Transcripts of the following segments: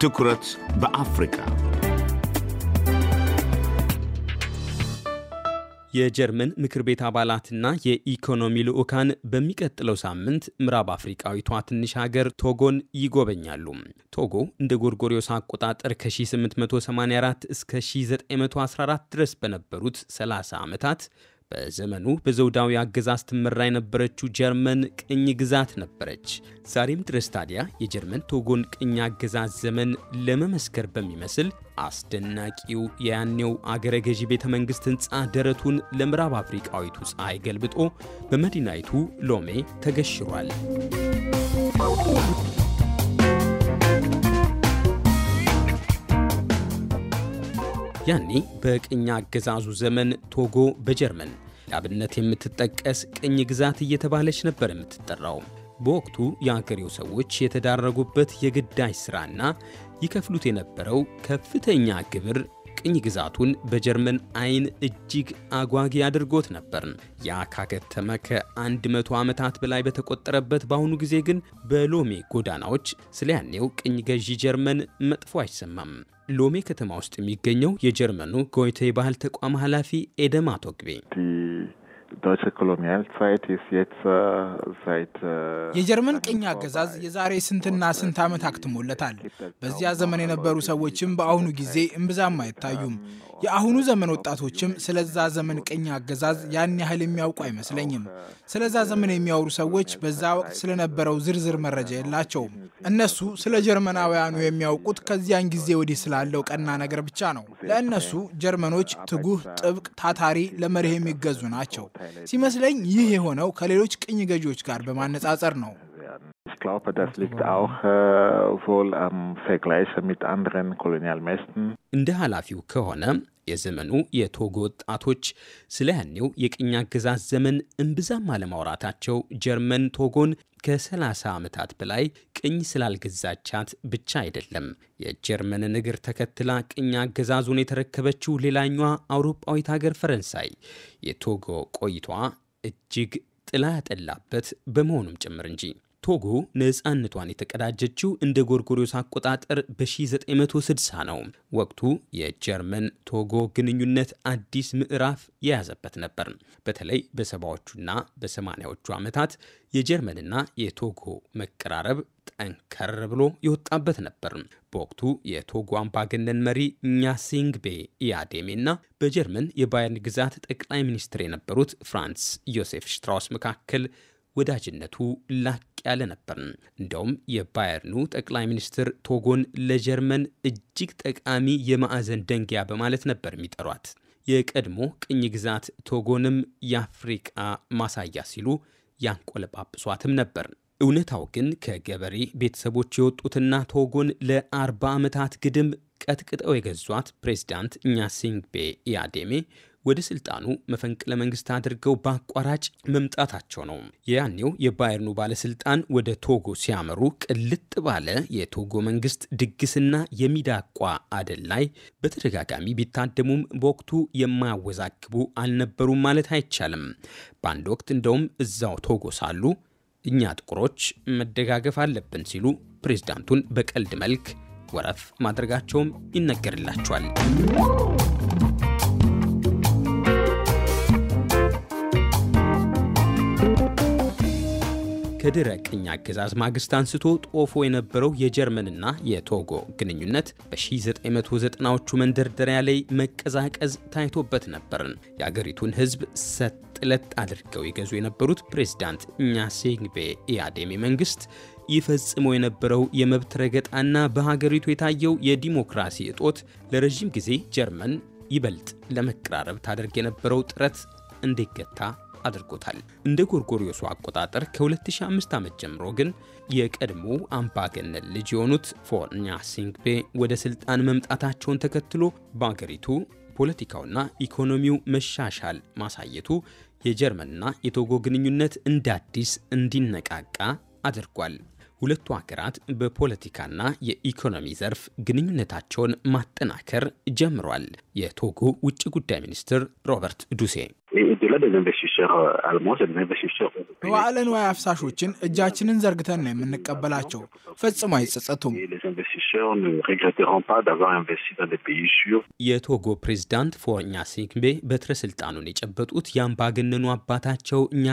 ትኩረት በአፍሪካ የጀርመን ምክር ቤት አባላትና የኢኮኖሚ ልዑካን በሚቀጥለው ሳምንት ምዕራብ አፍሪቃዊቷ ትንሽ ሀገር ቶጎን ይጎበኛሉ። ቶጎ እንደ ጎርጎሪዮስ አቆጣጠር ከ1884 እስከ 1914 ድረስ በነበሩት 30 ዓመታት በዘመኑ በዘውዳዊ አገዛዝ ትመራ የነበረችው ጀርመን ቅኝ ግዛት ነበረች። ዛሬም ድረስ ታዲያ የጀርመን ቶጎን ቅኝ አገዛዝ ዘመን ለመመስከር በሚመስል አስደናቂው የያኔው አገረ ገዢ ቤተ መንግሥት ሕንፃ ደረቱን ለምዕራብ አፍሪቃዊቱ ፀሐይ ገልብጦ በመዲናይቱ ሎሜ ተገሽሯል። ያኔ በቅኝ አገዛዙ ዘመን ቶጎ በጀርመን ለአብነት የምትጠቀስ ቅኝ ግዛት እየተባለች ነበር የምትጠራው። በወቅቱ የአገሬው ሰዎች የተዳረጉበት የግዳጅ ሥራና ይከፍሉት የነበረው ከፍተኛ ግብር ቅኝ ግዛቱን በጀርመን አይን እጅግ አጓጊ አድርጎት ነበር። ያ ካከተመ ከ100 ዓመታት በላይ በተቆጠረበት በአሁኑ ጊዜ ግን በሎሜ ጎዳናዎች ስለ ያኔው ቅኝ ገዢ ጀርመን መጥፎ አይሰማም። ሎሜ ከተማ ውስጥ የሚገኘው የጀርመኑ ጎይቴ ባህል ተቋም ኃላፊ ኤደማ ቶግቤ deutsche Kolonialzeit ist jetzt äh, seit äh, የጀርመን ቅኝ አገዛዝ የዛሬ ስንትና ስንት ዓመት አክትሞለታል። በዚያ ዘመን የነበሩ ሰዎችም በአሁኑ ጊዜ እምብዛም አይታዩም። የአሁኑ ዘመን ወጣቶችም ስለዛ ዘመን ቅኝ አገዛዝ ያን ያህል የሚያውቁ አይመስለኝም። ስለዛ ዘመን የሚያወሩ ሰዎች በዛ ወቅት ስለነበረው ዝርዝር መረጃ የላቸውም። እነሱ ስለ ጀርመናውያኑ የሚያውቁት ከዚያን ጊዜ ወዲህ ስላለው ቀና ነገር ብቻ ነው። ለእነሱ ጀርመኖች ትጉህ፣ ጥብቅ፣ ታታሪ፣ ለመርህ የሚገዙ ናቸው። ሲመስለኝ ይህ የሆነው ከሌሎች ቅኝ ገዢዎች ጋር በማነጻጸር ነው። werden. Ich glaube, das liegt auch äh, wohl am Vergleich mit anderen kolonialmächten. እንደ ኃላፊው ከሆነ የዘመኑ የቶጎ ወጣቶች ስለ ያኔው የቅኝ አገዛዝ ዘመን እምብዛም አለማውራታቸው ጀርመን ቶጎን ከ30 ዓመታት በላይ ቅኝ ስላልገዛቻት ብቻ አይደለም። የጀርመንን እግር ተከትላ ቅኝ አገዛዙን የተረከበችው ሌላኛዋ አውሮፓዊት ሀገር ፈረንሳይ የቶጎ ቆይቷ እጅግ ጥላ ያጠላበት በመሆኑም ጭምር እንጂ ቶጎ ነፃነቷን የተቀዳጀችው እንደ ጎርጎሪዮስ አቆጣጠር በ1960 ነው። ወቅቱ የጀርመን ቶጎ ግንኙነት አዲስ ምዕራፍ የያዘበት ነበር። በተለይ በሰባዎቹና በሰማኒያዎቹ ዓመታት የጀርመንና የቶጎ መቀራረብ ጠንከር ብሎ የወጣበት ነበር። በወቅቱ የቶጎ አምባገነን መሪ ኛሲንግቤ ኢያዴሜና በጀርመን የባየርን ግዛት ጠቅላይ ሚኒስትር የነበሩት ፍራንስ ዮሴፍ ሽትራውስ መካከል ወዳጅነቱ ላቅ ያለ ነበር። እንደውም የባየርኑ ጠቅላይ ሚኒስትር ቶጎን ለጀርመን እጅግ ጠቃሚ የማዕዘን ደንጊያ በማለት ነበር የሚጠሯት። የቀድሞ ቅኝ ግዛት ቶጎንም የአፍሪቃ ማሳያ ሲሉ ያንቆለጳጵሷትም ነበር። እውነታው ግን ከገበሬ ቤተሰቦች የወጡትና ቶጎን ለአርባ ዓመታት ግድም ቀጥቅጠው የገዟት ፕሬዚዳንት ኛሲንግቤ ኢያዴሜ ወደ ስልጣኑ መፈንቅለ መንግስት አድርገው በአቋራጭ መምጣታቸው ነው። የያኔው የባየርኑ ባለስልጣን ወደ ቶጎ ሲያመሩ ቅልጥ ባለ የቶጎ መንግስት ድግስና የሚዳቋ አደል ላይ በተደጋጋሚ ቢታደሙም በወቅቱ የማያወዛግቡ አልነበሩም ማለት አይቻልም። በአንድ ወቅት እንደውም እዛው ቶጎ ሳሉ እኛ ጥቁሮች መደጋገፍ አለብን ሲሉ ፕሬዝዳንቱን በቀልድ መልክ ወረፍ ማድረጋቸውም ይነገርላቸዋል። ከድህረ ቅኝ አገዛዝ ማግስት አንስቶ ጦፎ የነበረው የጀርመንና የቶጎ ግንኙነት በ1990ዎቹ መንደርደሪያ ላይ መቀዛቀዝ ታይቶበት ነበርን። የአገሪቱን ሕዝብ ለጥ አድርገው ይገዙ የነበሩት ፕሬዚዳንት ኛሲንግቤ ኢያዴሚ መንግስት ይፈጽመው የነበረው የመብት ረገጣና በሀገሪቱ የታየው የዲሞክራሲ እጦት ለረዥም ጊዜ ጀርመን ይበልጥ ለመቀራረብ ታደርግ የነበረው ጥረት እንዲገታ አድርጎታል። እንደ ጎርጎሪዮሱ አቆጣጠር ከ2005 ዓመት ጀምሮ ግን የቀድሞ አምባገነን ልጅ የሆኑት ፎርኛ ሲንግቤ ወደ ስልጣን መምጣታቸውን ተከትሎ በአገሪቱ ፖለቲካውና ኢኮኖሚው መሻሻል ማሳየቱ የጀርመንና የቶጎ ግንኙነት እንደ አዲስ እንዲነቃቃ አድርጓል። ሁለቱ ሀገራት በፖለቲካና የኢኮኖሚ ዘርፍ ግንኙነታቸውን ማጠናከር ጀምሯል። የቶጎ ውጭ ጉዳይ ሚኒስትር ሮበርት ዱሴ መዋዕለ ንዋይ አፍሳሾችን እጃችንን ዘርግተን ነው የምንቀበላቸው። ፈጽሞ አይጸጸቱም። génération ne regretteront pas d'avoir investi dans des pays sûrs። የቶጎ ፕሬዝዳንት ፎኛ ሴክቤ በትረ ስልጣኑን የጨበጡት የአምባገነኑ አባታቸው እኛ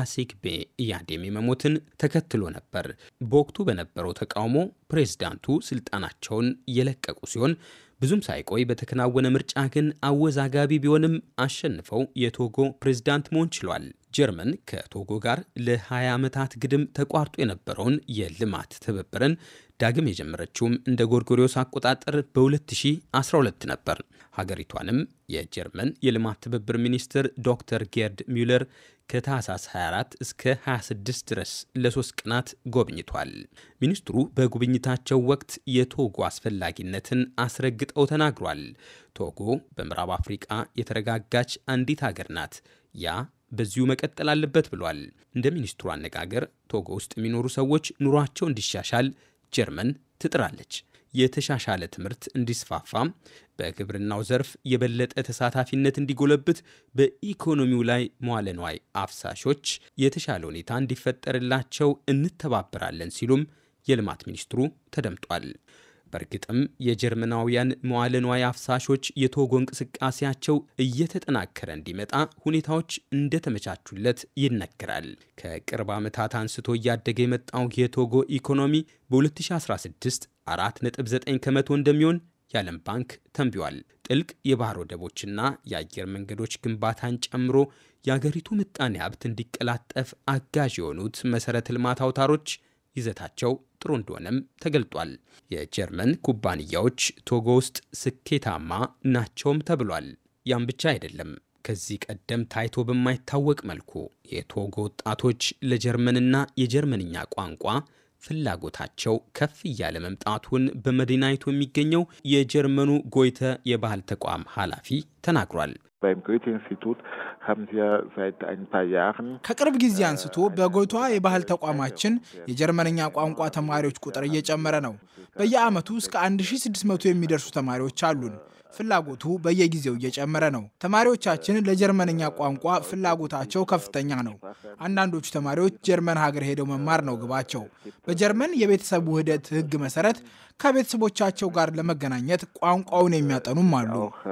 እያዴሜ መሞትን ተከትሎ ነበር። በወቅቱ በነበረው ተቃውሞ ፕሬዝዳንቱ ስልጣናቸውን የለቀቁ ሲሆን ብዙም ሳይቆይ በተከናወነ ምርጫ ግን አወዛጋቢ ቢሆንም አሸንፈው የቶጎ ፕሬዝዳንት መሆን ችሏል። ጀርመን ከቶጎ ጋር ለ20 ዓመታት ግድም ተቋርጦ የነበረውን የልማት ትብብርን ዳግም የጀመረችውም እንደ ጎርጎሪዮስ አቆጣጠር በ2012 ነበር። ሀገሪቷንም የጀርመን የልማት ትብብር ሚኒስትር ዶክተር ጌርድ ሚለር ከታህሳስ 24 እስከ 26 ድረስ ለሶስት ቀናት ጎብኝቷል። ሚኒስትሩ በጉብኝታቸው ወቅት የቶጎ አስፈላጊነትን አስረግጠው ተናግሯል። ቶጎ በምዕራብ አፍሪቃ የተረጋጋች አንዲት ሀገር ናት። ያ በዚሁ መቀጠል አለበት ብሏል። እንደ ሚኒስትሩ አነጋገር ቶጎ ውስጥ የሚኖሩ ሰዎች ኑሯቸው እንዲሻሻል ጀርመን ትጥራለች። የተሻሻለ ትምህርት እንዲስፋፋ፣ በግብርናው ዘርፍ የበለጠ ተሳታፊነት እንዲጎለብት፣ በኢኮኖሚው ላይ መዋለ ንዋይ አፍሳሾች የተሻለ ሁኔታ እንዲፈጠርላቸው እንተባበራለን ሲሉም የልማት ሚኒስትሩ ተደምጧል። በእርግጥም የጀርመናውያን መዋለ አፍሳሾች የቶጎ እንቅስቃሴያቸው እየተጠናከረ እንዲመጣ ሁኔታዎች እንደተመቻቹለት ይነገራል። ከቅርብ ዓመታት አንስቶ እያደገ የመጣው የቶጎ ኢኮኖሚ በ2016 4.9 ከመቶ እንደሚሆን የዓለም ባንክ ተንቢዋል። ጥልቅ የባህር ወደቦችና የአየር መንገዶች ግንባታን ጨምሮ የአገሪቱ ምጣኔ ሀብት እንዲቀላጠፍ አጋዥ የሆኑት መሠረተ ልማት አውታሮች ይዘታቸው ጥሩ እንደሆነም ተገልጧል። የጀርመን ኩባንያዎች ቶጎ ውስጥ ስኬታማ ናቸውም ተብሏል። ያም ብቻ አይደለም። ከዚህ ቀደም ታይቶ በማይታወቅ መልኩ የቶጎ ወጣቶች ለጀርመንና የጀርመንኛ ቋንቋ ፍላጎታቸው ከፍ እያለ መምጣቱን በመዲናይቱ የሚገኘው የጀርመኑ ጎይተ የባህል ተቋም ኃላፊ ተናግሯል። beim Goethe-Institut haben wir seit ein paar Jahren ከቅርብ ጊዜ äh, አንስቶ በጎቷ የባህል ተቋማችን የጀርመንኛ ቋንቋ ተማሪዎች ቁጥር እየጨመረ ነው። በየዓመቱ እስከ 1600 የሚደርሱ ተማሪዎች አሉን። ፍላጎቱ በየጊዜው እየጨመረ ነው። ተማሪዎቻችን ለጀርመንኛ ቋንቋ ፍላጎታቸው ከፍተኛ ነው። አንዳንዶቹ ተማሪዎች ጀርመን ሀገር ሄደው መማር ነው ግባቸው። በጀርመን የቤተሰብ ውህደት ሕግ መሰረት ከቤተሰቦቻቸው ጋር ለመገናኘት ቋንቋውን የሚያጠኑም አሉ። äh,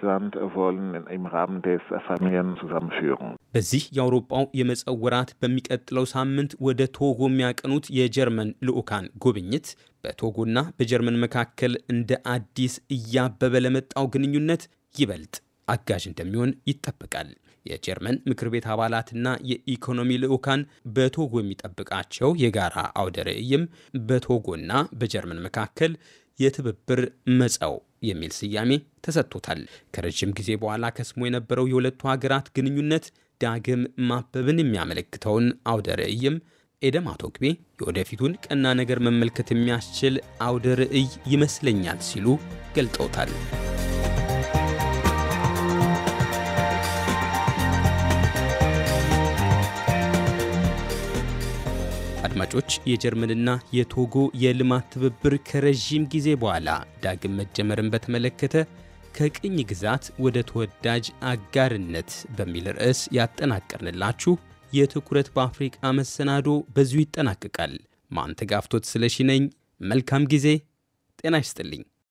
Deutschland wollen im Rahmen des Familienzusammenführung. በዚህ የአውሮፓው የመጸው ወራት በሚቀጥለው ሳምንት ወደ ቶጎ የሚያቀኑት የጀርመን ልዑካን ጉብኝት በቶጎና በጀርመን መካከል እንደ አዲስ እያበበ ለመጣው ግንኙነት ይበልጥ አጋዥ እንደሚሆን ይጠበቃል። የጀርመን ምክር ቤት አባላትና የኢኮኖሚ ልዑካን በቶጎ የሚጠብቃቸው የጋራ አውደ ርዕይም በቶጎና በጀርመን መካከል የትብብር መጸው የሚል ስያሜ ተሰጥቶታል። ከረዥም ጊዜ በኋላ ከስሞ የነበረው የሁለቱ ሀገራት ግንኙነት ዳግም ማበብን የሚያመለክተውን አውደ ርዕይም ኤደም ግቤ የወደፊቱን ቀና ነገር መመልከት የሚያስችል አውደ ርዕይ ይመስለኛል ሲሉ ገልጠውታል። አድማጮች የጀርመንና የቶጎ የልማት ትብብር ከረዥም ጊዜ በኋላ ዳግም መጀመርን በተመለከተ ከቅኝ ግዛት ወደ ተወዳጅ አጋርነት በሚል ርዕስ ያጠናቀርንላችሁ የትኩረት በአፍሪቃ መሰናዶ በዚሁ ይጠናቀቃል። ማንተጋፍቶት ስለሺ ነኝ። መልካም ጊዜ። ጤና ይስጥልኝ።